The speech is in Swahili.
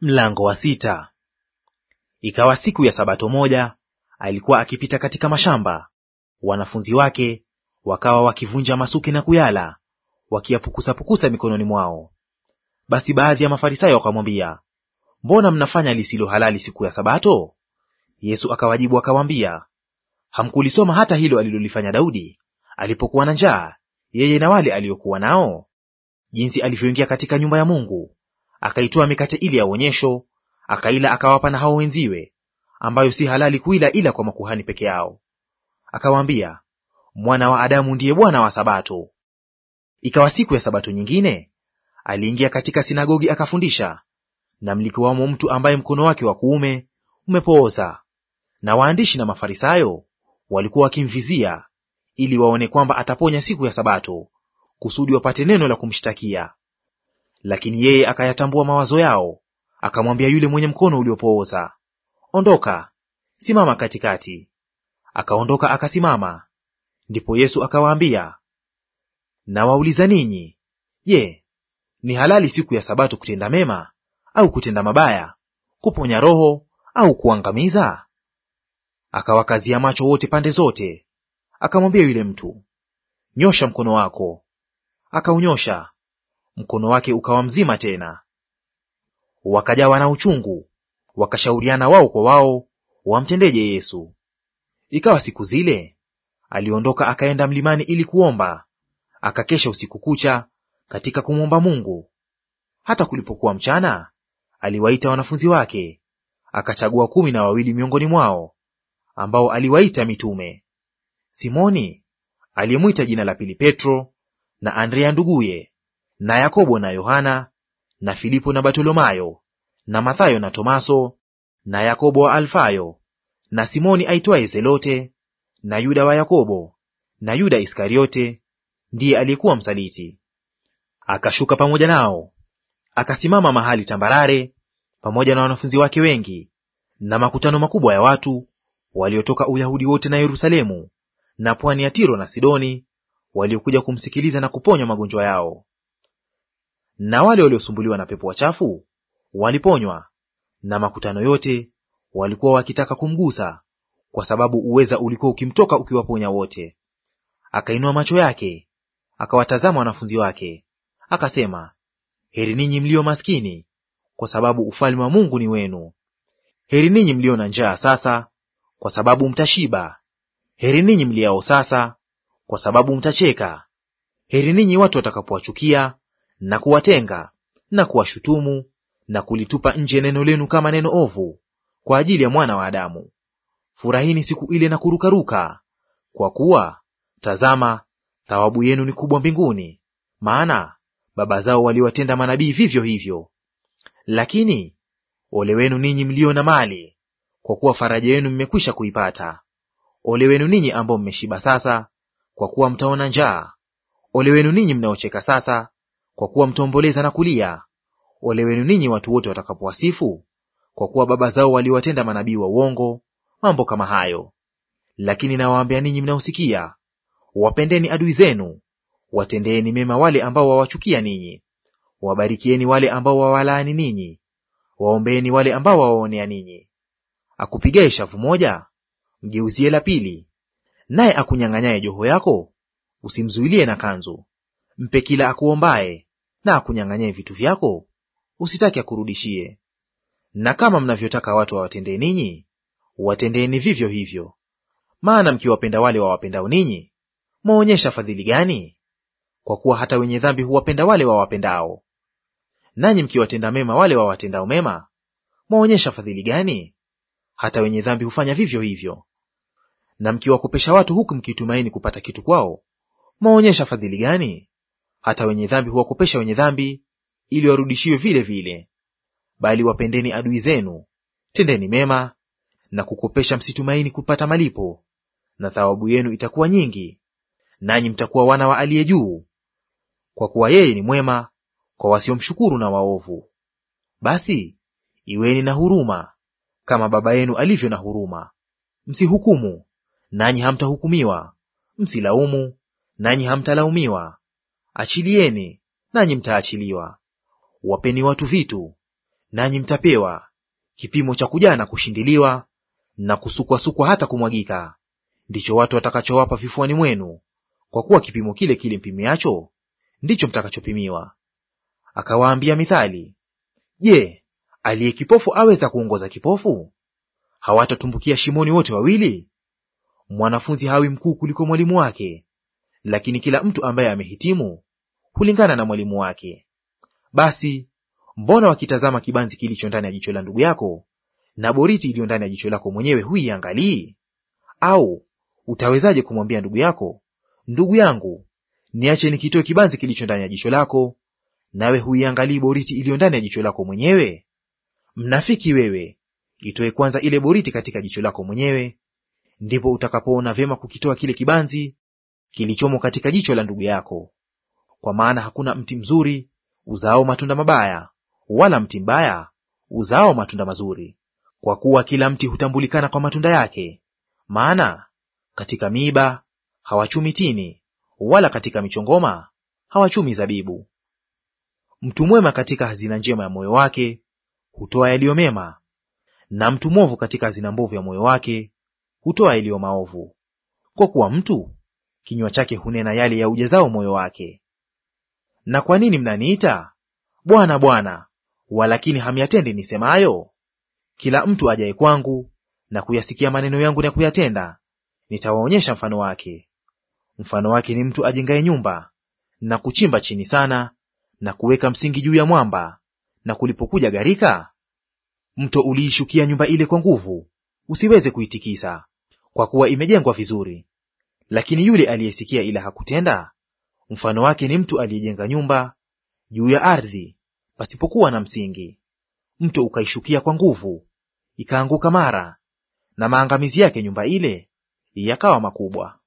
Mlango wa sita. Ikawa siku ya sabato moja, alikuwa akipita katika mashamba, wanafunzi wake wakawa wakivunja masuke na kuyala, wakiyapukusa-pukusa mikononi mwao. Basi baadhi ya Mafarisayo wakamwambia, mbona mnafanya lisilo halali siku ya sabato? Yesu akawajibu akawaambia, hamkulisoma hata hilo alilolifanya Daudi alipokuwa na njaa, yeye na wale aliokuwa nao, jinsi alivyoingia katika nyumba ya Mungu akaitoa mikate ile ya uonyesho, akaila, akawapa na hao wenziwe, ambayo si halali kuila ila kwa makuhani peke yao. Akawaambia, Mwana wa Adamu ndiye Bwana wa Sabato. Ikawa siku ya Sabato nyingine, aliingia katika sinagogi akafundisha. Na mlikuwamo mtu ambaye mkono wake wa kuume umepooza, na waandishi na Mafarisayo walikuwa wakimvizia ili waone kwamba ataponya siku ya Sabato, kusudi wapate neno la kumshtakia. Lakini yeye akayatambua mawazo yao, akamwambia yule mwenye mkono uliopooza, ondoka, simama katikati. Akaondoka akasimama. Ndipo Yesu akawaambia, nawauliza ninyi, je, ni halali siku ya Sabato kutenda mema au kutenda mabaya, kuponya roho au kuangamiza? Akawakazia macho wote pande zote, akamwambia yule mtu, nyosha mkono wako. Akaunyosha, mkono wake ukawa mzima tena. Wakajawa na uchungu, wakashauriana wao kwa wao wamtendeje Yesu. Ikawa siku zile aliondoka akaenda mlimani ili kuomba, akakesha usiku kucha katika kumwomba Mungu. Hata kulipokuwa mchana, aliwaita wanafunzi wake, akachagua kumi na wawili miongoni mwao, ambao aliwaita mitume: Simoni aliyemwita jina la pili Petro, na Andrea nduguye, na Yakobo na Yohana na Filipo na Bartolomayo na Mathayo na Tomaso na Yakobo wa Alfayo na Simoni aitwaye Zelote na Yuda wa Yakobo na Yuda Iskariote ndiye aliyekuwa msaliti. Akashuka pamoja nao, akasimama mahali tambarare pamoja na wanafunzi wake wengi na makutano makubwa ya watu waliotoka Uyahudi wote na Yerusalemu na pwani ya Tiro na Sidoni, waliokuja kumsikiliza na kuponywa magonjwa yao na wale waliosumbuliwa na pepo wachafu waliponywa, na makutano yote walikuwa wakitaka kumgusa, kwa sababu uweza ulikuwa ukimtoka ukiwaponya wote. Akainua macho yake akawatazama wanafunzi wake, akasema, heri ninyi mlio maskini, kwa sababu ufalme wa Mungu ni wenu. Heri ninyi mlio na njaa sasa, kwa sababu mtashiba. Heri ninyi mliao sasa, kwa sababu mtacheka. Heri ninyi watu watakapowachukia na kuwatenga na kuwashutumu na kulitupa nje neno lenu kama neno ovu kwa ajili ya mwana wa Adamu. Furahini siku ile na kurukaruka, kwa kuwa tazama, thawabu yenu ni kubwa mbinguni, maana baba zao waliwatenda manabii vivyo hivyo. Lakini ole wenu ninyi mlio na mali, kwa kuwa faraja yenu mmekwisha kuipata. Ole wenu ninyi ambao mmeshiba sasa, kwa kuwa mtaona njaa. Ole wenu ninyi mnaocheka sasa, kwa kuwa mtaomboleza na kulia. Ole wenu ninyi watu wote watakapowasifu, kwa kuwa baba zao waliwatenda manabii wa uongo mambo kama hayo. Lakini nawaambia ninyi mnaosikia, wapendeni adui zenu, watendeeni mema wale ambao wawachukia ninyi, wabarikieni wale ambao wawalaani ninyi, waombeeni wale ambao wawaonea ninyi. Akupigaye shavu moja mgeuzie la pili, naye akunyang'anyaye joho yako usimzuilie na kanzu. Mpe kila akuombaye, na akunyang'anyaye vitu vyako, usitake akurudishie. Na kama mnavyotaka watu wawatendee ninyi, watendeeni vivyo hivyo. Maana mkiwapenda wale wawapendao ninyi, mwaonyesha fadhili gani? Kwa kuwa hata wenye dhambi huwapenda wale wawapendao. Nanyi mkiwatenda mema wale wawatendao mema, mwaonyesha fadhili gani? Hata wenye dhambi hufanya vivyo hivyo. Na mkiwakopesha watu huku mkitumaini kupata kitu kwao, mwaonyesha fadhili gani? Hata wenye dhambi huwakopesha wenye dhambi, ili warudishiwe vile vile. Bali wapendeni adui zenu, tendeni mema, na kukopesha msitumaini kupata malipo, na thawabu yenu itakuwa nyingi, nanyi mtakuwa wana wa aliye juu, kwa kuwa yeye ni mwema kwa wasiomshukuru na waovu. Basi iweni na huruma kama Baba yenu alivyo na huruma. Msihukumu, nanyi hamtahukumiwa; msilaumu, nanyi hamtalaumiwa. Achilieni nanyi mtaachiliwa; wapeni watu vitu nanyi mtapewa; kipimo cha kujaa na kushindiliwa na kusukwasukwa hata kumwagika, ndicho watu watakachowapa vifuani mwenu; kwa kuwa kipimo kile kile mpimiacho ndicho mtakachopimiwa. Akawaambia mithali, Je, aliye kipofu aweza kuongoza kipofu? Hawatatumbukia shimoni wote wawili? Mwanafunzi hawi mkuu kuliko mwalimu wake, lakini kila mtu ambaye amehitimu kulingana na mwalimu wake. Basi mbona wakitazama kibanzi kilicho ndani ya jicho la ndugu yako na boriti iliyo ndani ya jicho lako mwenyewe huiangalii? Au utawezaje kumwambia ndugu yako, ndugu yangu, niache nikitoe kibanzi kilicho ndani ya jicho lako, nawe huiangalii boriti iliyo ndani ya jicho lako mwenyewe? Mnafiki wewe, itoe kwanza ile boriti katika jicho lako mwenyewe, ndipo utakapoona vyema kukitoa kile kibanzi kilichomo katika jicho la ndugu yako. Kwa maana hakuna mti mzuri uzao matunda mabaya, wala mti mbaya uzao matunda mazuri, kwa kuwa kila mti hutambulikana kwa matunda yake. Maana katika miiba hawachumi tini, wala katika michongoma hawachumi zabibu. Mtu mwema katika hazina njema ya moyo wake hutoa yaliyo mema, na mtu mwovu katika hazina mbovu ya moyo wake hutoa yaliyo maovu. Kwa kuwa mtu kinywa chake hunena yale ya ujazao moyo wake. Na kwa nini mnaniita Bwana, Bwana, walakini hamyatendi nisemayo? Kila mtu ajaye kwangu na kuyasikia maneno yangu na kuyatenda, nitawaonyesha mfano wake. Mfano wake ni mtu ajengaye nyumba na kuchimba chini sana na kuweka msingi juu ya mwamba, na kulipokuja gharika, mto uliishukia nyumba ile kwa nguvu, usiweze kuitikisa, kwa kuwa imejengwa vizuri. Lakini yule aliyesikia ila hakutenda, Mfano wake ni mtu aliyejenga nyumba juu ya ardhi pasipokuwa na msingi, mto ukaishukia kwa nguvu, ikaanguka mara, na maangamizi yake nyumba ile yakawa makubwa.